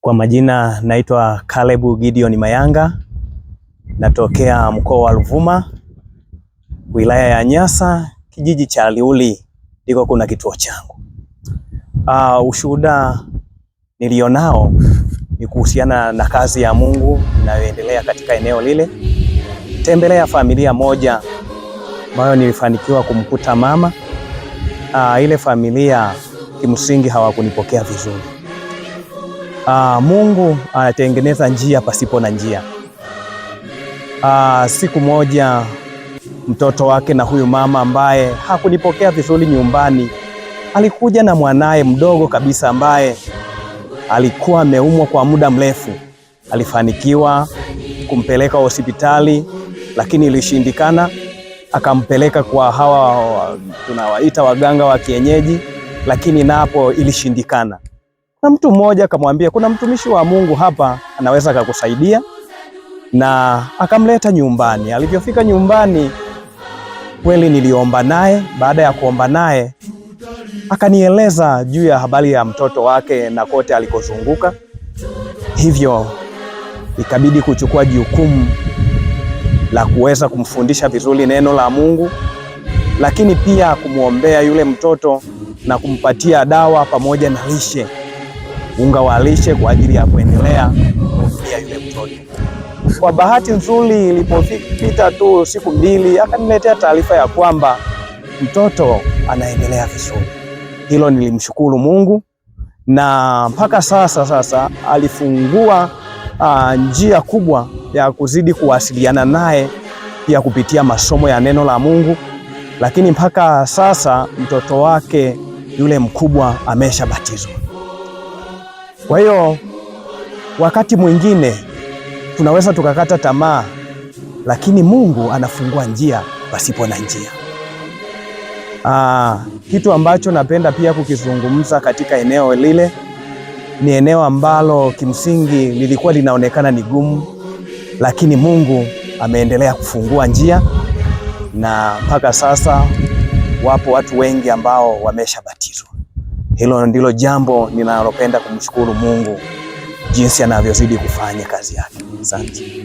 Kwa majina naitwa kalebu Gideon Mayanga, natokea mkoa wa Ruvuma, wilaya ya Nyasa, kijiji cha Liuli, ndiko kuna kituo changu. Uh, ushuhuda nilionao ni kuhusiana na kazi ya Mungu inayoendelea katika eneo lile. Tembelea familia moja ambayo nilifanikiwa kumkuta mama. Uh, ile familia kimsingi hawakunipokea vizuri Aa, ah, Mungu anatengeneza njia pasipo na njia. Aa, ah, siku moja mtoto wake na huyu mama ambaye hakunipokea vizuri nyumbani alikuja na mwanaye mdogo kabisa ambaye alikuwa ameumwa kwa muda mrefu. Alifanikiwa kumpeleka hospitali, lakini ilishindikana. Akampeleka kwa hawa tunawaita waganga wa kienyeji, lakini napo ilishindikana na mtu mmoja akamwambia kuna mtumishi wa Mungu hapa anaweza akakusaidia, na akamleta nyumbani. Alivyofika nyumbani, kweli niliomba naye. Baada ya kuomba naye, akanieleza juu ya habari ya mtoto wake na kote alikozunguka, hivyo ikabidi kuchukua jukumu la kuweza kumfundisha vizuri neno la Mungu, lakini pia kumwombea yule mtoto na kumpatia dawa pamoja na lishe unga wa lishe kwa ajili ya kuendelea kufia yule mtoto. Kwa bahati nzuri, ilipopita tu siku mbili, akaniletea taarifa ya kwamba mtoto anaendelea vizuri. Hilo nilimshukuru Mungu na mpaka sasa sasa alifungua uh, njia kubwa ya kuzidi kuwasiliana naye pia kupitia masomo ya neno la Mungu, lakini mpaka sasa mtoto wake yule mkubwa ameshabatizwa. Kwa hiyo wakati mwingine tunaweza tukakata tamaa, lakini Mungu anafungua njia pasipo na njia. Aa, ah, kitu ambacho napenda pia kukizungumza katika eneo lile ni eneo ambalo kimsingi lilikuwa linaonekana ni gumu, lakini Mungu ameendelea kufungua njia na mpaka sasa wapo watu wengi ambao wameshabatizwa. Hilo ndilo jambo ninalopenda kumshukuru Mungu jinsi anavyozidi kufanya kazi yake. Asante.